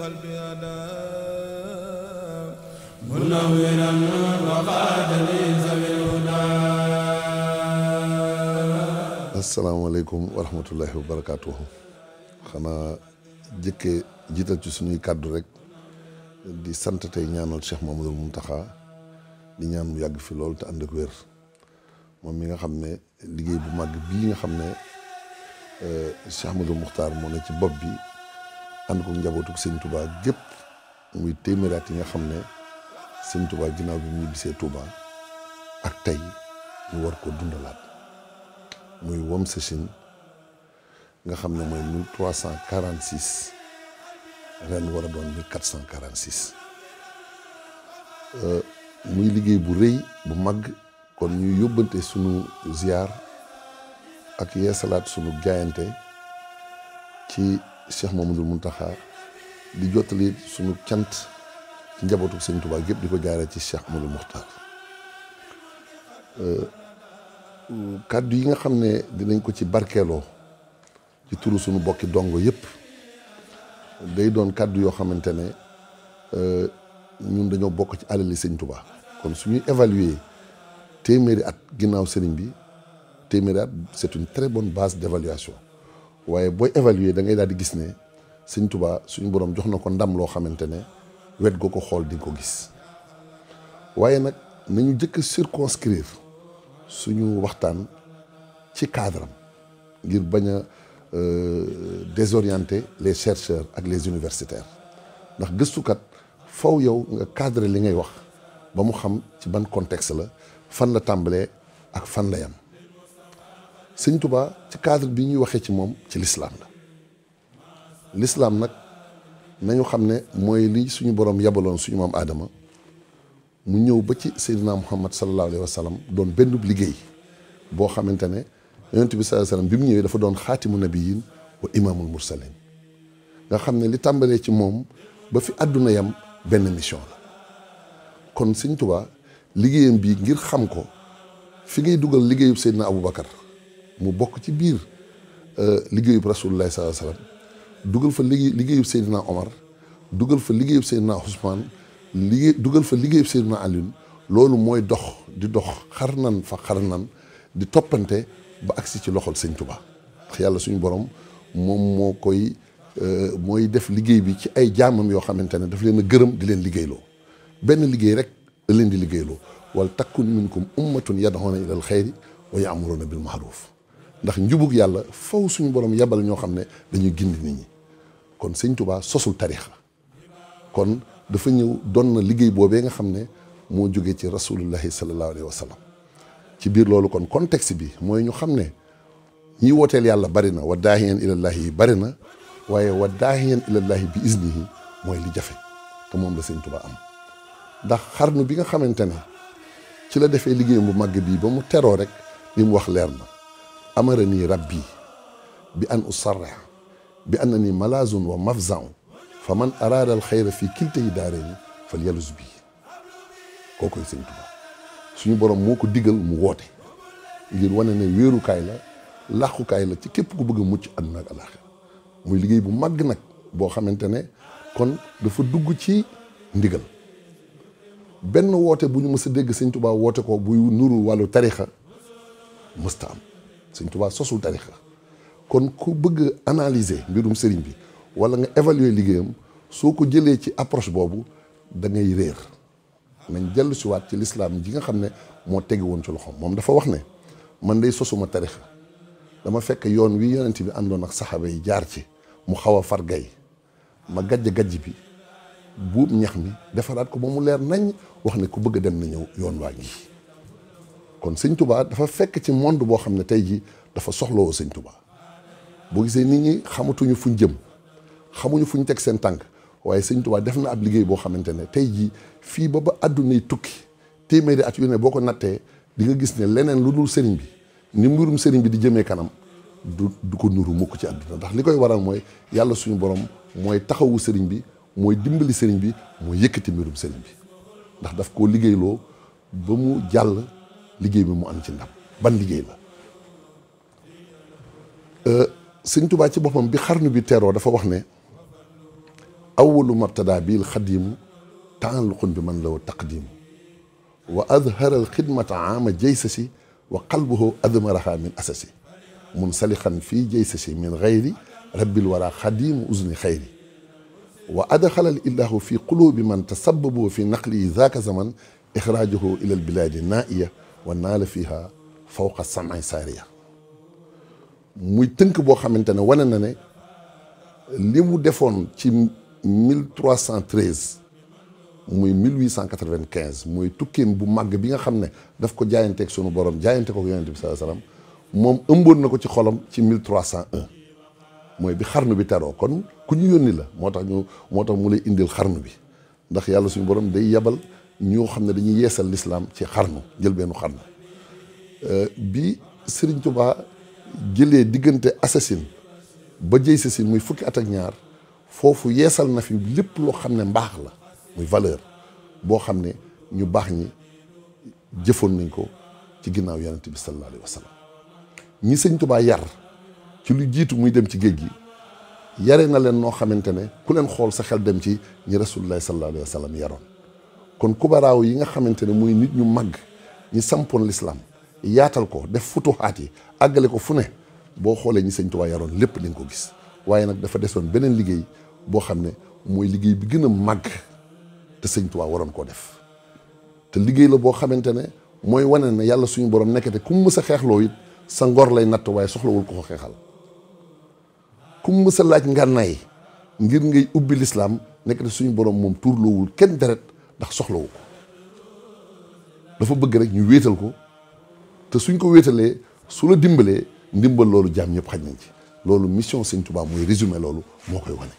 qalbi adam munawwiran wa qaadani zawil huda asalaamaaleykum wa rahmatullahi wa barakaatuhu xanaa jëkkee jiital ci suñuy kàddu rek di sant tey ñaanal Cheikh Mamadou Mountakha di ñaan mu yàgg fi lool te ànd ak moom mi nga xam ne liggéey bu màgg bii nga xam ne Cheikh Amadou Moukhtar moo ne ci bopp bi ànd ko njabootu sëñ Touba gépp muy téeméeraat yi nga xam ne sëñ Touba ginnaaw bi mu ñibbisee ak tey ñu war ko dundalaat muy wam sa nga xam ne mooy mille trois cent quarante six ren euh, muy liggéey bu rëy bu mag kon ñu yóbbante sunu ziar ak yeesalaat sunu jaayante ci Cheikh Mamadou Mountakha di jottali suñu cant ci njabootu sëñ Touba gépp di ko jaaree ci Cheikh Mamadou Moukhtar euh, kàddu yi nga xam ne dinañ ko ci barkeeloo di turu suñu bokki dongo yëpp day doon kàddu yoo xamante ne euh, ñun dañoo bokk ci alali sëñ Touba kon suñuy évaluer téeméeri at ginnaaw sëriñ bi téeméeri at c'est une très bonne base d'évaluation waaye booy évaluer da ngay daal di gis ne suñ Tuubaa suñu borom jox na ko ndam loo xamante ne wet goo ko xool di ko gis waaye nag nañu jëkk a circonscrire suñu waxtaan ci cadre ngir bañ a euh, désorienter les chercheurs ak les universitaires ndax gëstukat faw yow nga cadre li ngay wax ba mu xam ci ban contexte la fan la tàmbalee ak fan la yam sëñ Touba ci cadre bi ñuy waxee ci moom ci lislaam la lislaam nag nañu xam ne mooy li suñu borom yabaloon suñu maam aadama mu ñëw ba ci Seydina Muhammad sallallahu alayhi wa doon benn liggéey boo xamante ne yonent bi sallallahu alayhi bi mu ñëwee dafa doon xaatimu nabiyin wa imaamul mursalin nga xam ne li tàmbalee ci moom ba fi àdduna yam benn mission la kon sëñ Touba liggéeyam bii ngir xam ko fi ngay dugal liggéeyub abu Aboubacar mu bokk ci biir euh, liggéeyub rasulullahi sallallahu alayhi wasallam dugal fa liggéey liggéeyub Seydina Omar dugal fa liggéeyub Seydina Ousmane liggéey dugal fa liggéeyub Seydina Alioune loolu mooy dox di dox xar nan fa xar di toppante ba agsi ci loxol Sëñ Tuubaa yàlla suñu borom moom moo koy euh, mooy def liggéey bi ci ay jaamam yoo xamante ne daf leen a gërëm di leen liggéeyloo benn liggéey rek da leen di liggéeyloo wal takkun minkum ummatun yad'una ilal xayri wa ya'muruna bil ma'ruf ndax njubug yàlla faw suñu borom yebal ñoo xam ne dañuy gindi nit ñi kon sëñ tubaa sosul tarixa kon dafa ñëw doon na liggéey boobee nga xam ne moo jóge ci rasulullahi sallallahu alayhi wa ci biir loolu kon contexte bi mooy ñu xam ne ñi wooteel yàlla bari na wa daahiyan ilallahi yi bari na waaye wa daahiyan ilallahi bi iznihi mooy li jafe te moom la sëñ tubaa am ndax xarnu bi nga xamante ne ci la defee liggéeyam bu màgg bii ba mu teroo rek li mu wax leer na nii rabbi bi an usarrex bi na ni malazun wa mafzaun fa man araada al xayra fii kilta yi daaree ni fal yalus bii koo koy sëñ Tuba suñu borom moo ko digal mu woote ngir wane wéerukaay la làqukaay la ci képp ku bëgg a mucc àdduna ak alaaxira muy liggéey bu màgg nag boo xamante ne kon dafa dugg ci ndigal benn woote bu ñu mës dégg sëñ Tuba woote ko buy nuru wàllu tarixa mësta sëñ Tuubaa sosul tarixa kon ku bëgg analyser mbirum sëriñ bi wala nga évaluer liggéeyam soo ko jëlee ci approche boobu da ngay réer nañ jëllu si waat ci lislaam ji nga xam ne moo tegi woon ci loxoom moom dafa wax ne man day sosuma tarixa dama fekk yoon wi yonent bi àndoon ak saxaaba jaar ci mu xaw a far gay ma gajj gajj bi buub ñax mi defaraat ko ba mu leer nañ wax ne ku bëgg dem na ñëw yoon waa ngi kon sëñ tubaa dafa fekk ci monde boo xam ne tey jii dafa soxlawoo sëñ tubaa boo gisee nit ñi xamatuñu fuñ jëm xamuñu fuñ teg seen tànk waaye sëñ tubaa def na ab liggéey boo xamante ne tey jii fii ba ba àddunay tukki téeméeri at yu ne boo ko nattee di nga gis ne leneen lu dul sëriñ bi ni mbirum sëriñ bi di jëmee kanam du du ko nuru mukk ci àdduna ndax li koy waral mooy yàlla suñu borom mooy taxawu sëriñ bi mooy dimbali sëriñ bi mooy yëkkati mbirum sëriñ bi ndax daf koo liggéeyloo ba mu jàll liggéey bi mu am ci ndam ban liggéey la euh, sëñ Tuubaa ci boppam bi xarnu bi teeroo dafa wax ne awalu mabtada bil xadimu taalluqun bi man law taqdimu wa adhara alxidmata ama jaysasi wa qalbuhu admaraha min asasi munsalixan fii jaysasi min xayri rabbil wara xadimu uzni xayri wa adxalal illahu fi qulubi man tasababoo fi naqli yi zaaka zaman ixraajuhu ilal bilaadi naaiya wa naa la fiiha fawqa sam'i saariya muy tënk boo xamante ne wane na ne li mu defoon ci mille trois cent treize muy mille huit cent quatre vingt quinze muy tukkeem bu màgg bi nga xam ne daf ko jaayanteeg suñu borom jaayante ko yonent bi salaa salaam moom ëmboon na ko ci xolam ci mille cent mooy bi xarnu bi teroo kon ku ñu yónni la moo tax ñu moo tax mu lay indil xarnu bi ndax yàlla suñu borom day yabal. ñoo xam ne dañuy yeesal lislaam ci xarnu jël benn xarnu euh, bi Serigne Touba jëlee diggante assasine ba jëy sasin muy fukki at ñaar foofu yeesal na fi lépp loo xam ne mbaax la muy valeur boo xam ne ñu baax ñi jëfoon nañ ko ci ginnaaw yonent bi sallallahu alayhi wa sallam ñi sëñ yar ci lu jiitu muy dem ci géej gi yare na leen noo xamante ne ku leen xool sa xel dem ci ñi rasulullahi sallallahu alayhi wa sallam yaroon kon kubaraaw yi nga xamante ne muy nit ñu màgg ñu sampoon l'islam yaatal ko def futuhaat yi àggale ko fu ne boo xoolee ñi sëñ Tuubaa yaroon lépp di ko gis waaye nag dafa desoon beneen liggéey boo xam ne mooy liggéey bi gën màgg te sëñ Tuubaa koo def te liggéey la boo xamante ne mooy wane ne yàlla suñu borom nekkate ku mu mës a xeexloo it sa ngor lay natt waaye soxlawul ko ko xeexal ku mu mës a laaj ngànnaay ngir ngay ubbi lislaam nekkate suñu borom moom tuurloowul kenn deret ndax soxlawu ko dafa bëgg rek ñu wéetal ko te suñ ko wéetalee su la dimbalee ndimbal loolu jaam ñëpp xaj nañ ci loolu mission sëñ tubaa mooy résumé loolu moo koy wane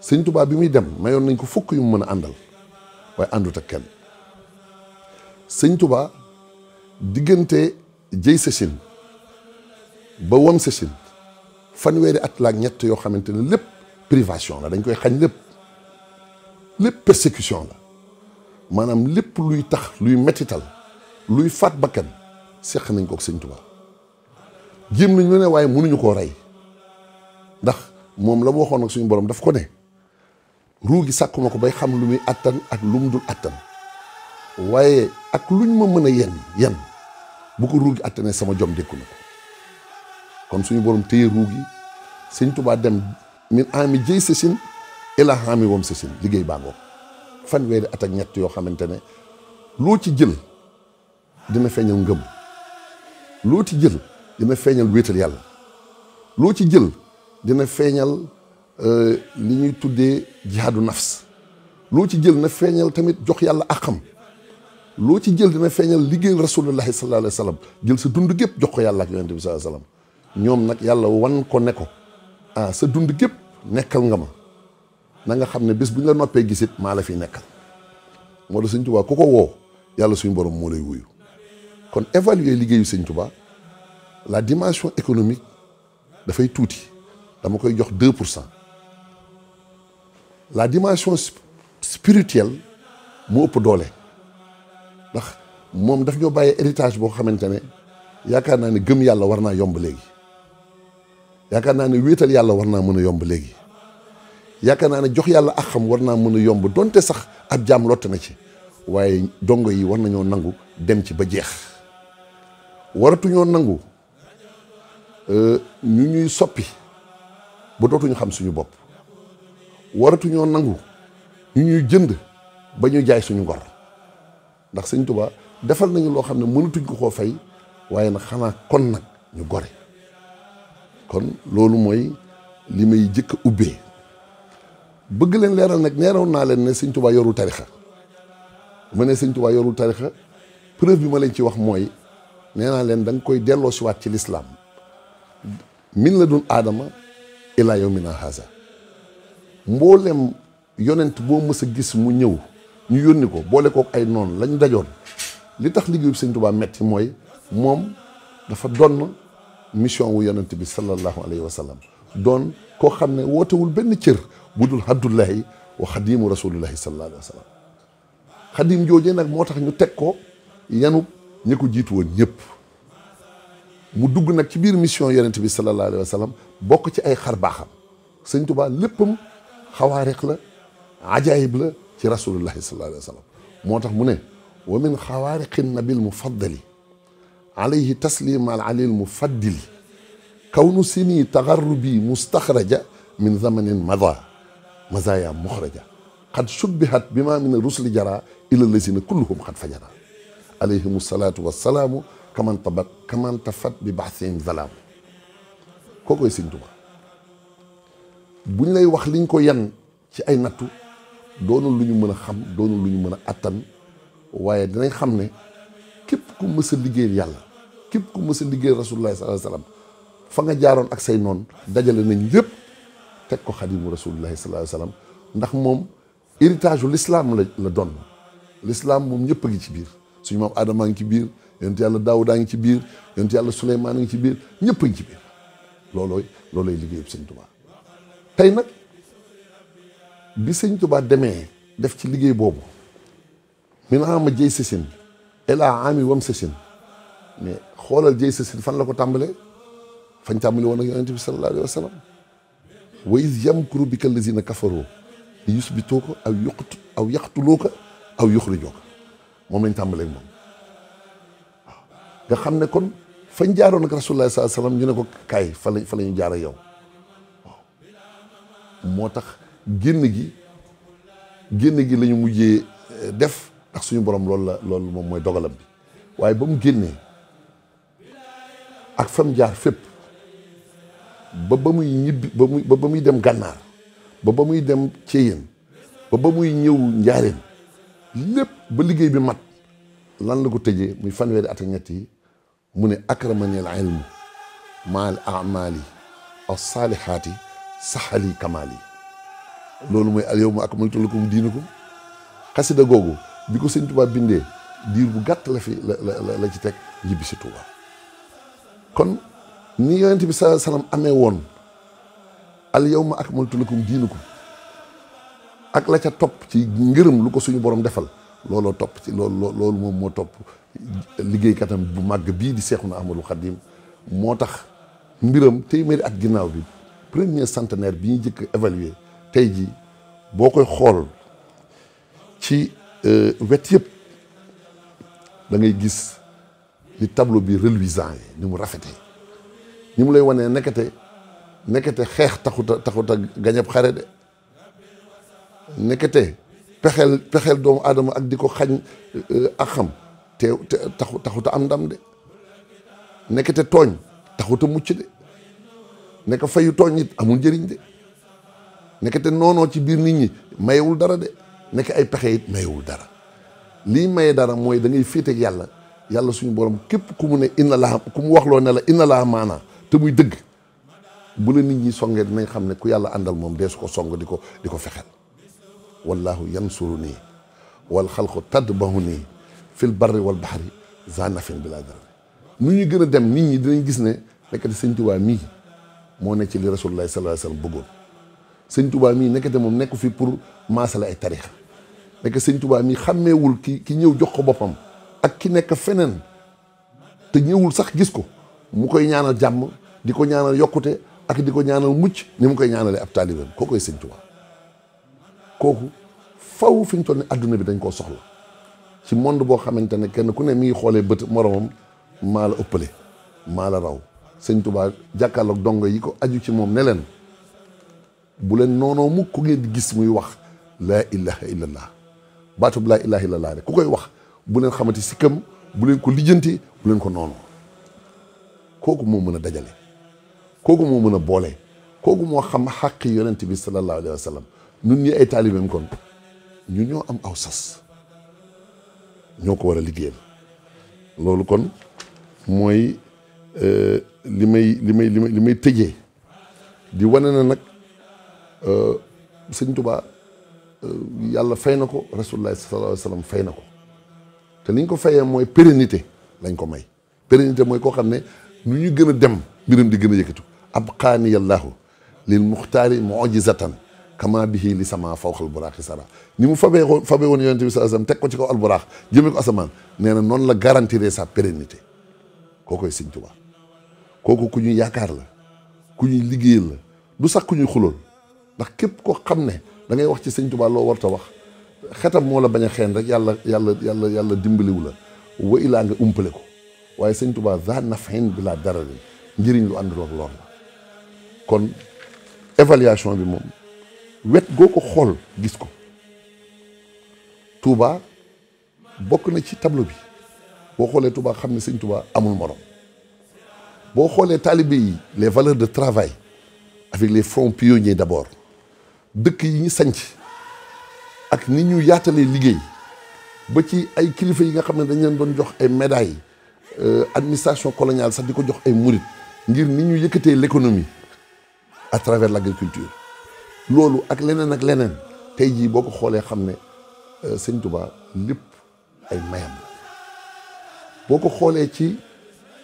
sëñ Touba bi muy dem mayoon nañ ko fukk yu mu mën a àndal waaye àndut ak kenn sëñ Touba diggante jëy sa Chine ba won sa Chine fanweeri at laak ñett yoo xamante ne lépp privation la dañ koy xañ lépp lépp persécution la maanaam lépp luy tax luy mettital luy faat bakkan seq nañ ko ak sëñ Tuubaa jéem nañ lu ne waaye mënuñu koo rey ndax moom la mu waxoon ak suñu borom daf ko ne ruu gi sàkkuma ko bay xam lu muy attan ak lu mu dul attan waaye ak luñ ma mën a yenn yenn bu ko ruu gi sama jom dékku na kon suñu borom téye ruu gi sëñ tubaa dem min ami jëy sa ila xaami wam sa sin liggéey bàngoo fanweeri at ñett yoo xamante ne loo ci jël dina feeñal ngëm loo ci jël dina feeñal wéetal yàlla loo ci jël dina feeñal euh, li ñuy tuddee jihaadu nafs loo ci jël na feeñal tamit jox yàlla àqam loo ci jël dina feeñal liggéeyal rasulullahi sallallahu alayhi wa sallam jël sa dund gépp jox ko yàlla ak yonente bi sallallahu alayhi ñoom nag yàlla wan ko ne ko ah, sa dund gépp nekkal nga ma na nga xam ne bis bu ñu la noppee gisit maa la fi nekka moo tax sëñ Tuubaa ku ko woo yàlla suñu borom moo lay wuyu kon évaluer liggéeyu sëñ Tuubaa la dimension économique dafay tuuti dama koy jox deux pour cent la dimension spirituelle mu ëpp doole ndax moom daf ñoo bàyyee héritage boo xamante ne yaakaar naa ne gëm yàlla war naa yomb léegi yaakaar naa ne wéetal yàlla war naa mën a yomb léegi yaakaar naa ne jox yàlla ak xam war naa mën a yomb donte sax ab jaam lott na ci waaye dongo yi war nañoo nangu dem ci ba jeex waratuñoo nangu euh, ñu ñuy soppi ba dootuñu xam suñu bopp waratuñoo nangu ñu ñuy jënd ba ñu jaay suñu ngor ndax sëñ tubaa defal nañu loo xam ne mënatuñ ko koo fay waaye nag xanaa kon nag ñu gore kon loolu mooy li may jëkk a ubbee bëgg leen leeral nag neeroon naa leen ne sëñ Tuubaa yorul tarixa ma ne sëñ Tuubaa yorul tarixa preuve bi ma leen ci wax mooy nee naa leen da koy delloo siwaat ci lislaam min la dun aadama ilaa yawmina haza mboolem yonent boo mës a gis mu ñëw ñu yónni ko boole kook ay noonu lañu dajoon li tax liggéeyu sëñ Tuubaa metti mooy moom dafa donn mission wu yonent bi sallallahu alayhi wa sallam doon koo xam ne wootewul benn cër bu dul haddullahi wa xadimu rasulillahi sallallahu alayhi wa sallam xadim joojee nag moo tax ñu teg ko yanu ñi ko jiitu woon ñëpp mu dugg nag ci biir mission yonent bi sallallahu alayhi wa sallam bokk ci ay xar baaxam sëñ Tuubaa léppam xawaariq la ajaayib la ci rasulillahi sallallahu alayhi wa sallam moo tax mu ne wa min xawaariqi nabil mufaddali alayhi taslima al alil mufaddili kawnu sini tagarrubi mustaxraja min zamanin mada mazaya muxraja xad subbihat bi maa mina rusli jara ila lazina kulluhum xad fajara alayhim salaatu wasalaamu kaman tabat kaman tafat bi baxsihim zalaamu kookoy Sëñ Tuubaa buñ lay wax liñ ko yan ci ay nattu doonul lu ñu mën a xam doonul lu ñu mën a attan waaye dinañ xam ne képp ku mës a yàlla képp ku mës liggéey liggéeyal rasulullah sallallahu fa nga jaaroon ak say noon dajale nañu lépp teg ko xadimu rasulillahi sallallahu alayhi wasallam ndax moom héritage lislaam la la don lislaam moom ñëpp a ngi ci biir suñu maam Adama a ngi ci biir yonent yàlla Daawuda ngi ci biir yonent yàlla Suleymaan a ngi ci biir ñëpp a ngi ci biir loolooy loolooy liggéeyub sëñ Tuubaa tey nag bi sëñ tubaa demee def ci liggéey boobu min ama jëy sasin ela ami wam sasin mais xoolal jëy sasin fan la ko tàmbalee fañ tàmbali woon ak yonent bi sallallahu alayhi wa sallam wa iz yamkuru bika allazina kafaru li yusbituuka aw yuqtu aw yaqtuluuka aw yuxrijuuka moom lañ tàmbalee ak moom nga xam ne kon fañ jaaroon ak rasulullah sallallahu alayhi wasallam ñu ne la ñu jaar yow moo tax génn gi génn gi la ñu eh, def ndax borom loolu moom mooy dogalam bi waaye ba mu génnee ak fam jaar fépp ba ba muy ñibbi ba muy ba muy dem gànnaar ba ba muy dem Ceyeen ba ba muy ñëw Njaareem lépp ba liggéey bi mat lan la ko tëjee muy fanweeri at ak ñett yi mu ne akramani al ilmu maal amali as-saalihaati saxali kamaali loolu mooy al yawma akmaltu lakum diinakum xasida googu bi ko sëñ Tuubaa bindee diir bu gàtt la fi la la la ci teg ñibbi si Tuubaa kon. ni yonent bi sallallahu alayhi wa sallam amee woon ma yawma akmaltu lakum ko ak la ca topp ci ngërëm lu ko suñu boroom defal looloo topp ci loolu loolu moom moo topp liggéey liggéeykatam bu màgg bii di Seexuna Ahmadul Xadim moo tax mbiram téeméeri ak ginnaaw bi premier centenaire bi ñu jëkk évaluer tey jii boo koy xool ci euh, wet yépp da ngay gis li tableau bi reluisant yi ni mu rafetee ñi mu lay wanee nekkate nekkate xeex taxut a taxut a gañab xare de nekkate pexeel doomu aadama ak di ko xañ euh, ak xam te taxu taxut am ndam de nekkate tooñ taxuta mucc de nekk fayu tooñ it amul njëriñ de nekkate noonoo ci biir nit ñi mayewul dara de nekk ay pexe it mayewul dara lii maye dara mooy da ngay yàlla yàlla suñu borom képp ku mu ne inna laa ku mu waxloo ne la inna laa maanaa te muy dëgg bu la nit ñi songee dinañ xam ne ku yàlla àndal moom dee ko song di ko di ko fexel wallahu yansuru nii wal xalqu tadbahu nii fil barri wal baxari zanafin bi laa dara nu ñuy gën a dem nit ñi dinañ gis ne nekkati sëñ Tuubaa mii moo ne ci li rasulullah sallallahu alayhi wasallam bëggoon sëñ Tuubaa mii nekkati moom nekku fi pour maasale ay tarixa nekk sëñ tubaa mii xàmmeewul ki ki ñëw jox ko boppam ak ki nekk feneen te ñëwul sax gis ko mu koy ñaanal jàmm di ko ñaanal yokkute ak di ko ñaanal mucc ni mu koy ñaanale ab taalibeem koo koy sëñ Tuubaa kooku faw fi ñu toll ne adduna bi dañ koo soxla ci monde boo xamante ne kenn ku ne mi ngi xoolee bët moromam maa la ëppale maa la raw sëñ tubaab jàkkaarloog dongo yi ko aju ci moom ne leen bu leen noonoo mukk ku ngeen di gis muy wax laa ilaha illallah baatub laa ilaha illallah rek ku koy wax bu leen xamante sikkam bu leen ko lijjanti bu leen ko noonoo kooku moo mën a dajale kooku moo mën a boole kooku moo xam xàq yonent bi sallallahu alayhi wa sallam ñun ñi ay taalibeem kon ñu ñoo am aw sas ñoo ko war a liggéeyal loolu kon mooy eh, li may li may li may li may tëjee di wane na nag eh, sëñ Tuubaa eh, yàlla fay na ko rasulullah sallallahu alayhi wa sallam fay na ko te li ko fayee mooy pérennité lañ ko may pérennité mooy koo xam ne nu ñu gën a dem mbiram di gën a yëkkatu abqaani yallaahu lil muxtaari mu'jizatan kama bihi li sama fawqal buraaxi sara ni mu fabee woon fabee woon yonente bi sallallahu alayhi wasallam teg ko ci kaw alburaax jëmee ko asamaan nee na noonu la garantir sa pérennité kookoy Sëñ Tuubaa kooku ku ñuy yaakaar la ku ñuy liggéeyal la du sax ku ñuy xulool ndax képp koo xam ne da ngay wax ci Sëñ Tuubaa loo warta wax xetam moo la bañ xeen rek yàlla yàlla yàlla yàlla dimbaliwu la wa ilaa nga umpale ko waaye Sëñ Tuubaa za nafhin bi laa dara njëriñ lu àndul kon évaluation bi moom wet goo ko xool gis ko Touba bokk na ci tableau bi boo xoolee Touba xam ne sëñ Touba amul morom boo xoolee taalibe yi les valeurs de travail avec les fonds pionniers d'abord dëkk yi ñu sanc ak ni ñu yaatalee liggéey ba ci ay kilifa yi nga xam ne dañ leen doon jox ay médailles euh, administration coloniale sax di ko jox ay murit ngir ni ñu yëkkatee l'économie à travers l' agriculture loolu ak leneen ak leneen tey jii boo ko xoolee xam ne euh, sëñ Tuba lépp ay mayam boo ko xoolee ci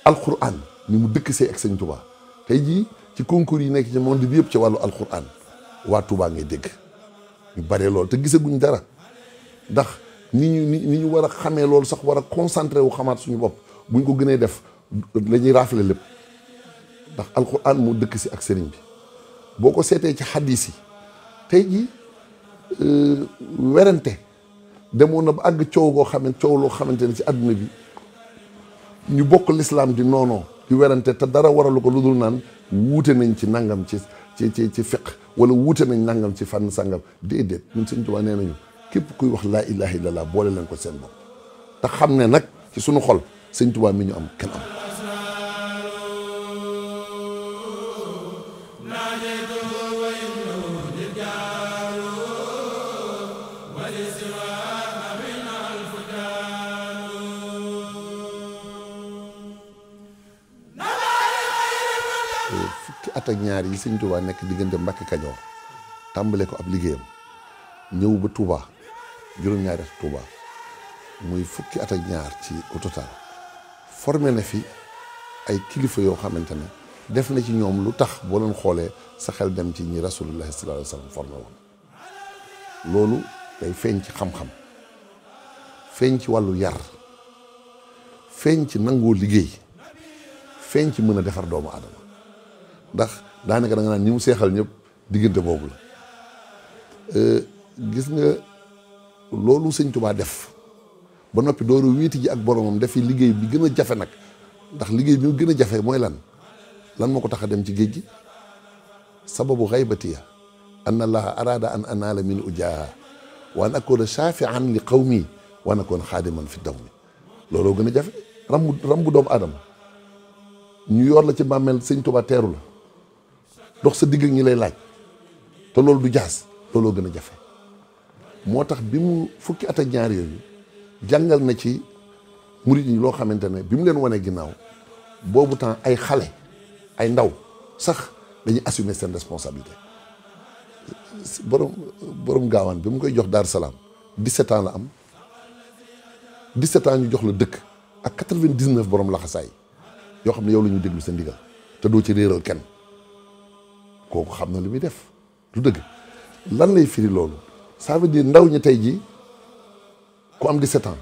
alquran ni mu dëkk see ak sëñ Tuba tey jii ci concours yi nekk ci monde bi yëpp ci wàllu alquran waa tubaa ngay dégg ñu bare loolu te gisaguñ dara ndax ni ñu ni ñu war a xamee loolu sax war a concentré wu xamaat suñu bopp bu buñ ko gënee def la ñuy raafale lépp ndax alquran mu dëkk si ak sëriñ bi. boo ko seetee ci xadis yi tey jii euh, werante demoon na ba àgg coow goo xam ne coow loo xamante ne ci àdduna bi ñu bokk lislaam di noonoo di werante te dara waralu ko lu dul naan wuute nañ ci nangam ci ci ci ci fiq wala wuute nañ nangam ci fànn sangam déedéet ñun Sëñ Tuubaa nee nañu képp kuy wax laa ilaha illallah boole leen ko seen bopp ta xam ne nag ci sunu xol Sëñ Tuubaa mi am kenn am fukki ñaar yi sëñ Touba nekk diggante Mbacke Kajoor tàmbale ko ab liggéeyam ñëw ba tuubaa juróom-ñaari at Touba muy fukki at ak ñaar ci au forme na fi ay kilifa yoo xamante ne def na ci ñoom lu tax boo leen xoolee sa xel dem ci ñi rasulullah sallallahu alayhi wasallam formé woon loolu day feeñ ci xam-xam feeñ ci wàllu yar feeñ ci nangoo liggéey feeñ ci mën a defar doomu aadama ndax daanaka da nga naan ñi mu seexal ñëpp diggante boobu la euh, gis nga loolu sëñ Tuubaa def ba noppi dooru wiiti ji ak boromam defi liggéey bi gën a jafe nag ndax liggéey bi mu gën a jafe mooy lan lan moo ko tax a dem ci géej gi sababu xaybatiya an allaha araada an anaala min ujaaha wa an akoona shaafian li qawmi wa an akoona xaadiman fi dawmi looloo gën a jafe rambu rambu doomu aadama ñu yor la ci bàmmeel sëñ Tuubaa teeru la dox sa digg ak ñi lay laaj te loolu du jaas looloo gën a jafe moo tax bi mu fukki at a ñaar yooyu jàngal na ci murid yi loo xamante ne bi mu leen wanee ginnaaw boobu temps ay xale ay ndaw sax dañuy assumer seen responsabilité borom borom gaawaan bi mu koy jox Daaru Salaam 17 ans la am 17 ans ñu jox la dëkk ak 99 borom laxasaay yoo xam ne yow la ñu déglu sa ndigal te doo ci réeral kenn. kooku xam na lu muy def du dëgg lan lay firi loolu ça veut ndaw ñi tey jii ko am 17 ans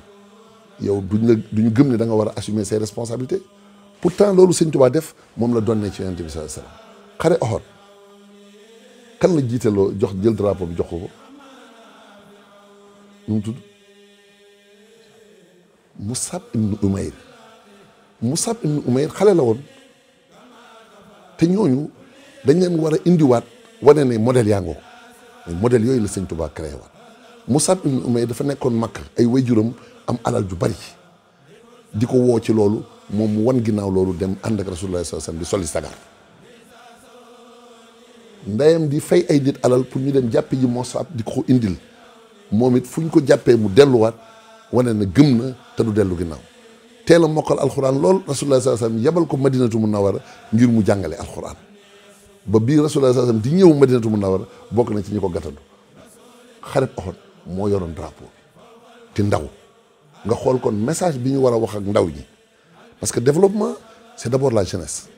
yow duñ la duñu gëm ne danga war a assumer ses responsabilités pourtant loolu sëñ Tuubaa def moom la donne ci Yonent bi sa alayhi wasallam xare Uhud kan la jiiteloo jox jël drapeau bi jox ko ko nu mu tudd Musab ibn Umayr Musab ibn Umayr xale la woon te ñooñu. dañ leen war a indiwaat wane ne modèle yaa ngoo mais yooyu la sëñ Touba créé waat Musab ibn Umayr dafa nekkoon makk ay waajuram am alal ju bari di ko woo ci loolu moom mu wan ginnaaw loolu dem ànd ak Rasulullah sallallahu alayhi wasallam di soli sagar ndeyam di fey ay nit alal pour ñu dem jàppe ji Musab di ko indil moom it fu ñu ko jàppee mu delluwaat wane na gëm na te du dellu ginnaaw teel a mokkal alxuraan lool Rasulullah sallallahu alayhi wasallam yebal ko Madinatu Munawwara ngir mu jàngale alxuraan. ba bii Rasulullah sallam di ñëw Madinatu Munawwara bokk na ci ñu ko gàttandu xareb Uhud moo yoroon drapeau bi ti ndaw nga xool kon message bi ñu war a wax ak ndaw ñi parce que développement c'est d'abord la jeunesse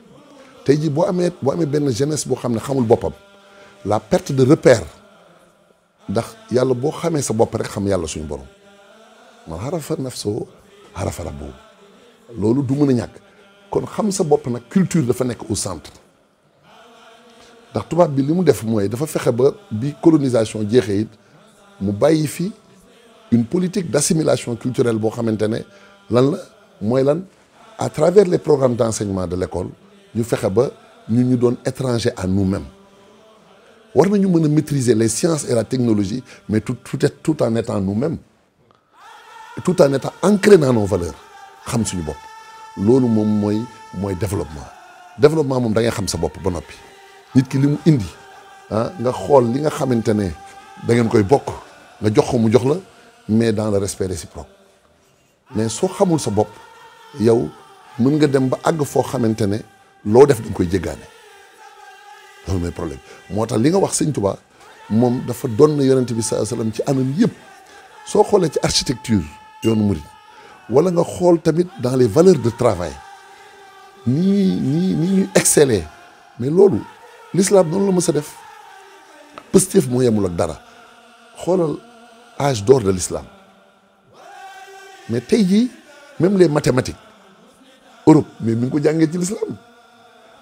tey jii boo amee boo amee benn jeunesse boo xam ne xamul boppam la perte de repaire ndax yàlla boo xamee sa bopp rek xam yàlla suñu borom man xarafa nafsoo xarafa rabbu loolu du mën a ñàkk kon xam sa bopp nag culture dafa nekk au centre ndax tubaab bi li mu def mooy dafa fexe ba bi colonisation jeexee it mu bàyyi fi une politique d'assimilation culturelle boo xamante ne lan la mooy lan à travers les programmes d'enseignement de l'école ñu fexe ba ñu ñu doon étranger à nous-mêmes war nañu mën a maîtriser les sciences et la technologie mais tout tout tout en étant nous-mêmes tout en étant ancré dans nos valeurs xam suñu bopp loolu moom mooy mooy développement développement moom da ngay xam sa bopp ba noppi. nit ki li mu indi ah nga xool li nga xamante ne da ngeen koy bokk nga jox ko mu jox la mais dans la respect réciproque mais soo xamul sa bopp yow mën nga dem ba àgg foo xamante ne loo def dañ koy jéggaane loolu mooy problème moo tax li nga wax sëñ Tuubaa moom dafa doon na yonent bi saa sallam ci anam yëpp soo xoolee ci architecture yoonu murid wala nga xool tamit dans les valeurs de travail nii ñuy ni ni ñuy exceller mais loolu l'islam noonu la mës sa def Pastef moo yemul ak dara xoolal âge d'or de l'islam mais tey jii même les mathématiques Europe mais mi ngi ko jàngee ci l'islam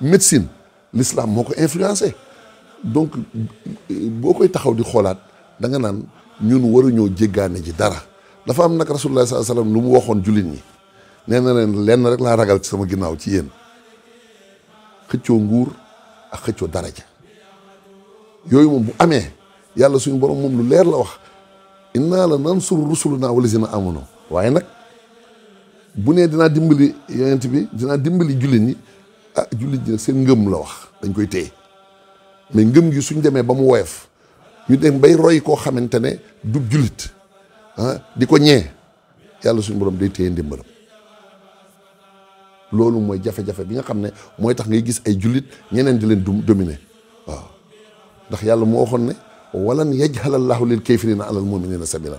médecine l'islam moo ko influencé donc boo koy taxaw di xoolaat danga nga naan ñun ñëw jéggaane ji dara dafa am nag rasulullah sallallahu alayhi wasallam lu mu waxoon jullit ñi nee na leen lenn rek laa ragal ci sama ginnaaw ci yéen xëccoo nguur ak xëccoo daraja yooyu moom bu amee yàlla suñu borom moom lu leer la wax naa la nansur rusuluna wallazina amanu waaye nag bu nee dinaa dimbali yonent bi dinaa dimbali jullit ñi ah jullit seen ngëm la wax dañ koy téye mais ngëm gi suñ demee ba mu woyof ñu dem bay roy koo xamante ne du jullit ah di ko ñee yàlla suñu borom day téye ndimbalam loolu mooy jafe-jafe bi nga xam ne mooy tax ngay gis ay jullit ñeneen di leen du dominer waaw ndax yàlla moo waxoon ne walan yajhalallahu lil kafirina alal muminina la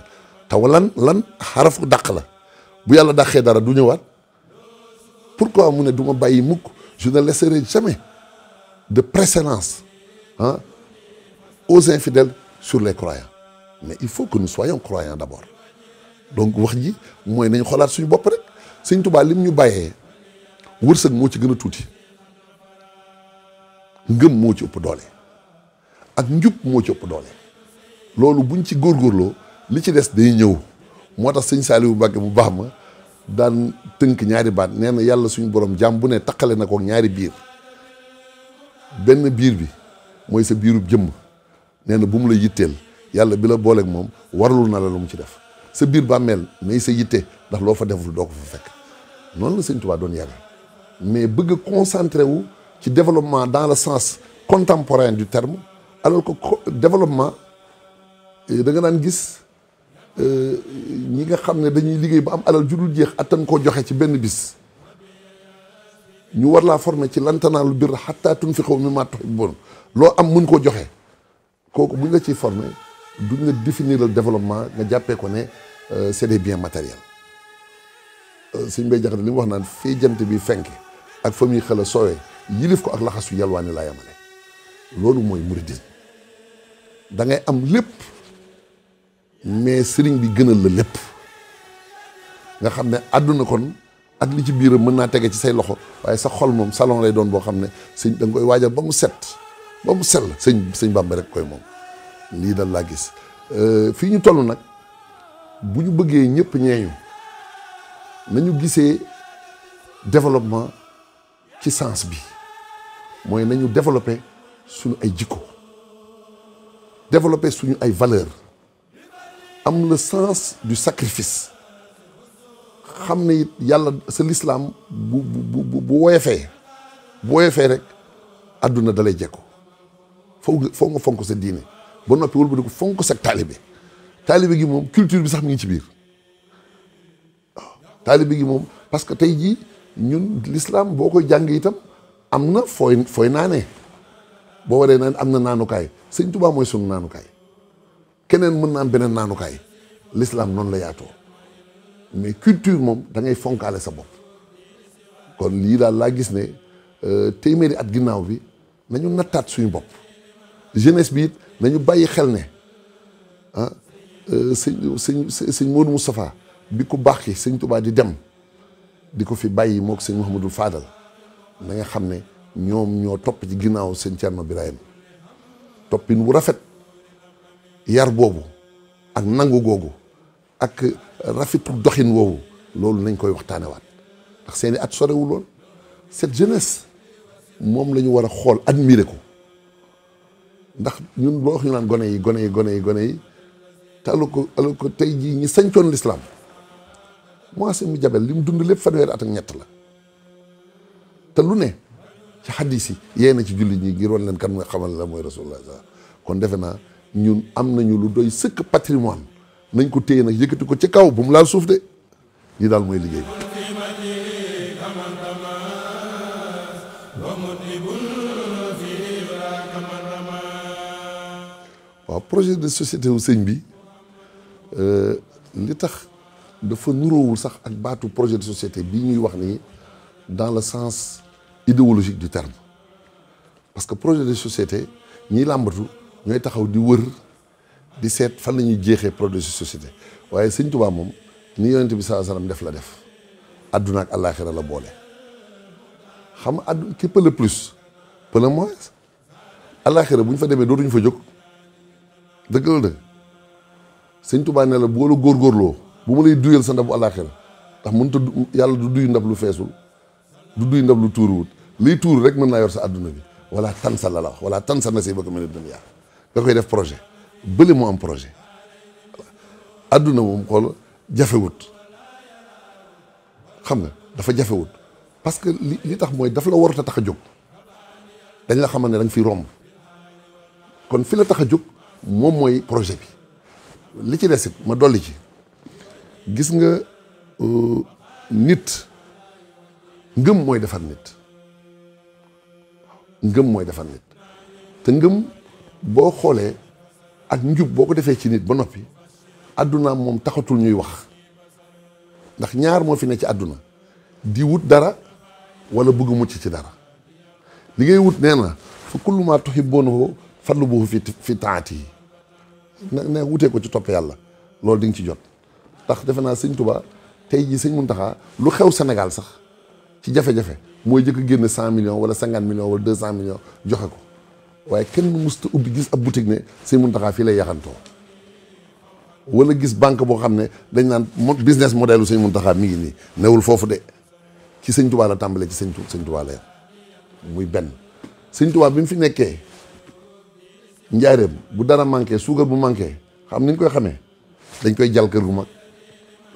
te walan lan xarafu dàq la bu yàlla dàqee dara du ñëwaat pourquoi mu ne du ma bàyyi mukk je ne laisserai jamais de préséance ah aux infidèles sur les croyants mais il faut que nous soyons croyants d'abord donc wax ji mooy nañ xolaat suñu bopp rek Sëñ Tuubaa lim ñu bàyyee wërsëg moo ci gën a tuuti ngëm moo ci ëpp doole ak njub moo ci ëpp doole loolu buñ ci góorgóorloo li ci des day ñëw moo tax sëñ saali bu Mbacke bu baax ma daan tënk ñaari baat nee na yàlla suñu borom jàmm bu ne taqale na ko ñaari biir benn biir bi mooy sa biiru jëmm nee na bu mu la yitteel yàlla bi la booleek moom warlul na la lu mu ci def sa biir bàmmeel nay sa yitte ndax loo fa deful doo ko fa fekk noonu la sëñ Tuubaa doon yàlla mais bëgg concentré wu ci développement dans le sens contemporain du terme alors que développement da daan gis euh, ñi nga xam ne dañuy liggéey ba am alal ju jeex attan koo joxe ci benn bis ñu war laa former ci lantanaa lu bir xattaa tunfiqu mimmaa tuhibbuun loo am mun koo joxe kooku buñ la ciy forme duñ la définir le développement nga jàppee ko ne euh, c'est des bien matériel euh, suñ bay jaxate li mu wax naan fii jant bi fenk ak fa muy xel a soowee yilif ko ak laxasu yalwaani laa yamale loolu mooy muridisme da ngay am lépp mais sëriñ bi gënal la lépp nga xam ne àdduna kon ak li ci biiram mën naa tege ci say loxo waaye sa xol moom salon lay doon boo xam ne sëñ da nga koy waajal ba mu set ba mu sell sëñ sëñ Bàmba rek koy moom lii dal laa gis euh, fii ñu toll nag bu ñu bëggee ñëpp ñeeñu nañu gisee développement ci sens bi mooy nañu développer suñu ay jikko développer suñu ay valeurs am le sens du sacrifice xam ne it yàlla sa lislaam bu bu bu bu woyefee bu woyefee rek àdduna dalay jekko foog nga foog nga fonk sa diine ba noppi wëlbati ko fonk sa taalibe taalibe gi moom culture bi sax mi ngi ci biir taalibe gi moom parce tey jii. ñun lislaam boo ko jàng itam am na fooy fooy naanee boo waree naan am na naanukaay sëñ tubaa mooy suñ naanukaay keneen mën na beneen naanukaay l'islam noonu la yaatoo mais culture moom dangay ngay fonkaale sa bopp kon lii daal laa gis ne euh, téeméeri at ginnaaw bi nañu nattaat suñu bopp jeunesse bi it nañu bàyyi xel ne ah euh, sëñ sëñ sëñ Modou Moustapha bi ku baax ki sëñ Tuubaa di dem di ko fi bàyyi moog sëñ Mouhamadou Fadal na nga xam ne ñoom ñoo topp ci ginnaaw sëñ Thierno Birahim toppin bu rafet yar boobu ak nangu googu ak rafetu doxin woowu loolu nañ koy waxtaanewaat ndax seeni at sorewul lool cette jeunesse moom lañu war a xool at admirer ko ndax ñun loo wax ñu naan gone yi gone yi gone yi gone yi te ko alu tey jii ñi sañcoon lislaam moise mu jabel li mu dund lépp fanweeri at ak ñett la te lu ne ci xadis yi na ci jullit ñi ngir wan leen kan mooy xamal la mooy rasulullah sa kon defe naa ñun am nañu lu doy sëkk patrimoine nañ ko téye nag yëkkati ko ci kaw bu mu laal suuf de lii daal mooy liggéey bi waaw projet de société wu sëñ bi euh, li tax dafa wul sax ak baatu projet de société bii ñuy wax nii dans le sens idéologique du terme parce que projet de société ñiy làmbatu ñooy taxaw di wër di seet fan la ñuy jeexee projet de société waaye sëñ Tuubaa moom ni yonent bi saa salaam def la def àdduna ak la boole xam addu qui peut le plus peut le moins àllaaxira bu fa demee dootuñu fa jóg dëgg la de sëñ Tuubaa la boo la góorgóorloo bu mu lay duyal sa ndabu àllaaxira ndax mënta yàlla du duy ndab lu feesul du duy ndab lu tuuruwut liy tuuru rek mën naa yor sa àdduna bi wala tan sa la la wax wala tan sa nasiibaka mina dunya nga koy def projet bële moo am projet àdduna moom xool jafewut xam nga dafa jafewut parce que li tax mooy daf la warut tax a jóg dañ la xamal ne da fi romb kon fi la tax a jóg moom mooy projet bi li ci des it ma dolli ci gis nga euh, nit ngëm mooy defar nit ngëm mooy defar nit te ngëm boo xoolee ak njub boo ko defee ci nit ba noppi addunaam moom taxatul ñuy wax ndax ñaar moo fi ne ci àdduna di wut dara wala bëgg mucc ci dara liggéey wut nee na fa kullu maa tuhibbuunahu fatlubuuhu fi fi taati yi na ne wutee ko ci topp yàlla loolu di ci jot tax defe naa sëñ Touba tey jii sëñ mun taxaa lu xew Sénégal sax ci jafe-jafe mooy jëkk a cent million wala cinquante millions wala deux cent millions joxe ko waaye kenn mu musta ubbi gis ab boutique ne sëñ taxaa fii lay yaxantoo wala gis banque boo xam ne dañ naan business modèle sëñ Mountakha mi ngi nii newul foofu de ci sëñ Touba la ci sëñ sëñ Touba muy benn sëñ Touba bi mu fi nekkee njaareem bu dara manqué suukar bu manqué xam ni ñu koy xamee dañ koy jal kër gu mag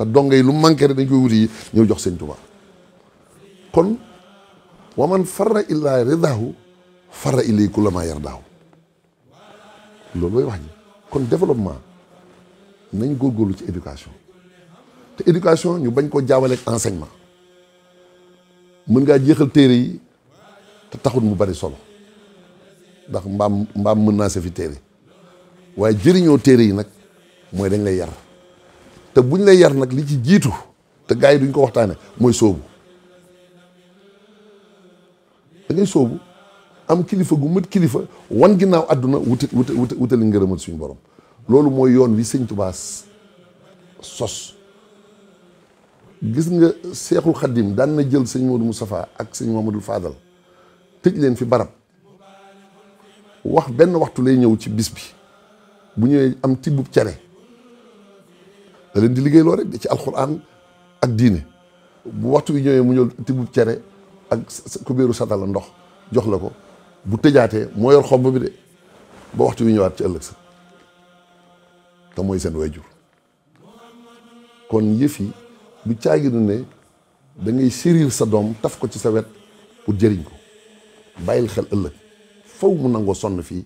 te donga yi lu manqué dañ koy wuti yi ñëw jox sëñ Tuubaa kon waman farra illaa ridahu farra ilay ku la maa yardaahu loolu mooy wax ji kon développement nañ góorgóorlu ci éducation te éducation ñu bañ koo jaawale ak mën ngaa jeexal téere yi te taxul mu bari solo ndax mbaam mbaam mën naa sa téere waaye jëriñoo téere yi nag mooy dañ lay yar te buñ lay yar nag li ci jiitu te gaa yi duñ ko waxtaane mooy soobu da ngay soobu am kilifa gu mët kilifa wan ginnaaw àdduna wuti wuti wutali ngërëmal suñu borom loolu mooy yoon wi sëñ Tuubaa sos gis nga seexul xaddim daan na jël sëñ mu Moustapha ak sëñ Mamadou faadal tëj leen fi barab wax benn waxtu lay ñëw ci bis bi bu ñëwee am tibbub cere da leen di loo rek ci alxuraan ak diine bu waxtu bi ñëwee mu ñëw tibbub cere ak kubéeru satala ndox jox la ko bu tëjaatee moo xob bi de waxtu bi ñëwaat ci ëllëg sa te mooy seen wayjur kon yëf yi du caaginu ne da ngay sériir sa doom taf ko ci sa wet pour jëriñ ko bàyyil xel ëllëg faw mu nangoo sonn fii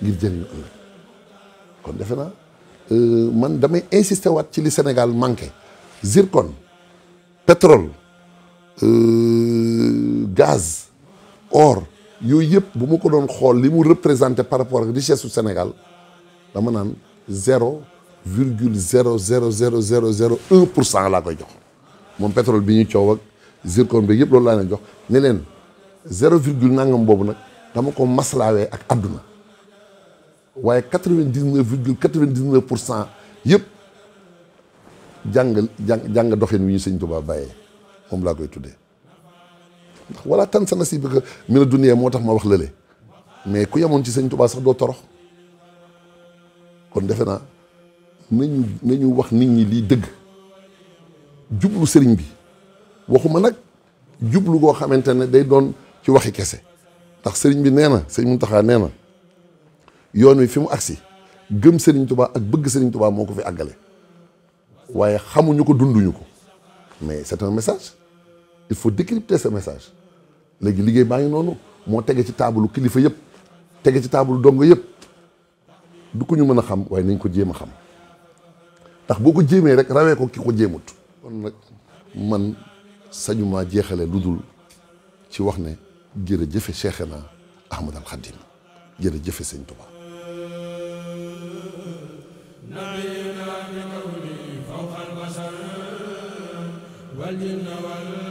ngir jëriñu ëllëg kon defe naa Euh, man damay insisté waat ci li Sénégal manqué zircon pétrole euh, gaz or yooyu yëpp bu ma ko doon xool li mu représenté par rapport ak richesse su Sénégal dama naan zéro virgule zéro zéro zéro zéro zéro pour cent laa koy jox moom pétrole bi ñu coow ak zircon bi yëpp loolu laa leen jox ne leen zéro virgule nangam boobu nag dama ko maslaawee ak adduna waaye quatre-vingt-dix-neuf virgule quatre pour cent yëpp jàng jàng jàng doxin wi ñu sëñ Tuubaa bàyyee moom laa koy tuddee ndax wala tan sa nasiib bi mi la duniyee moo tax ma wax lële mais ku yemoon ci sëñ Tuubaa sax doo torox kon defe naa nañu nañu wax nit ñi lii dëgg jublu sëriñ bi waxuma nag jublu goo xamante ne day doon ci waxi kese ndax sëriñ bi nee na sëñ Muntaxa nee na yoon wi fi mu agsi gëm Serigne Touba ak bëgg Serigne Touba moo ko fi àggale waaye xamuñu ko dunduñu ko mais c'est message il faut décrypter ce message léegi liggéey baa ngi noonu moo tege ci taabalu kilifa yëpp tege ci taabalu dongo yëpp du ko ñu mën a xam waaye nañ ko jéem a xam ndax boo ko jéemee rek rawee ko ki ko jéemut kon nag man sañuma jeexale lu dul ci wax ne jër jëfe jërëjëfe Cheikhna Ahmad al Khadim jërëjëfe Sëñ Tuubaa نبينا بقوله فوق البشر والجن والناس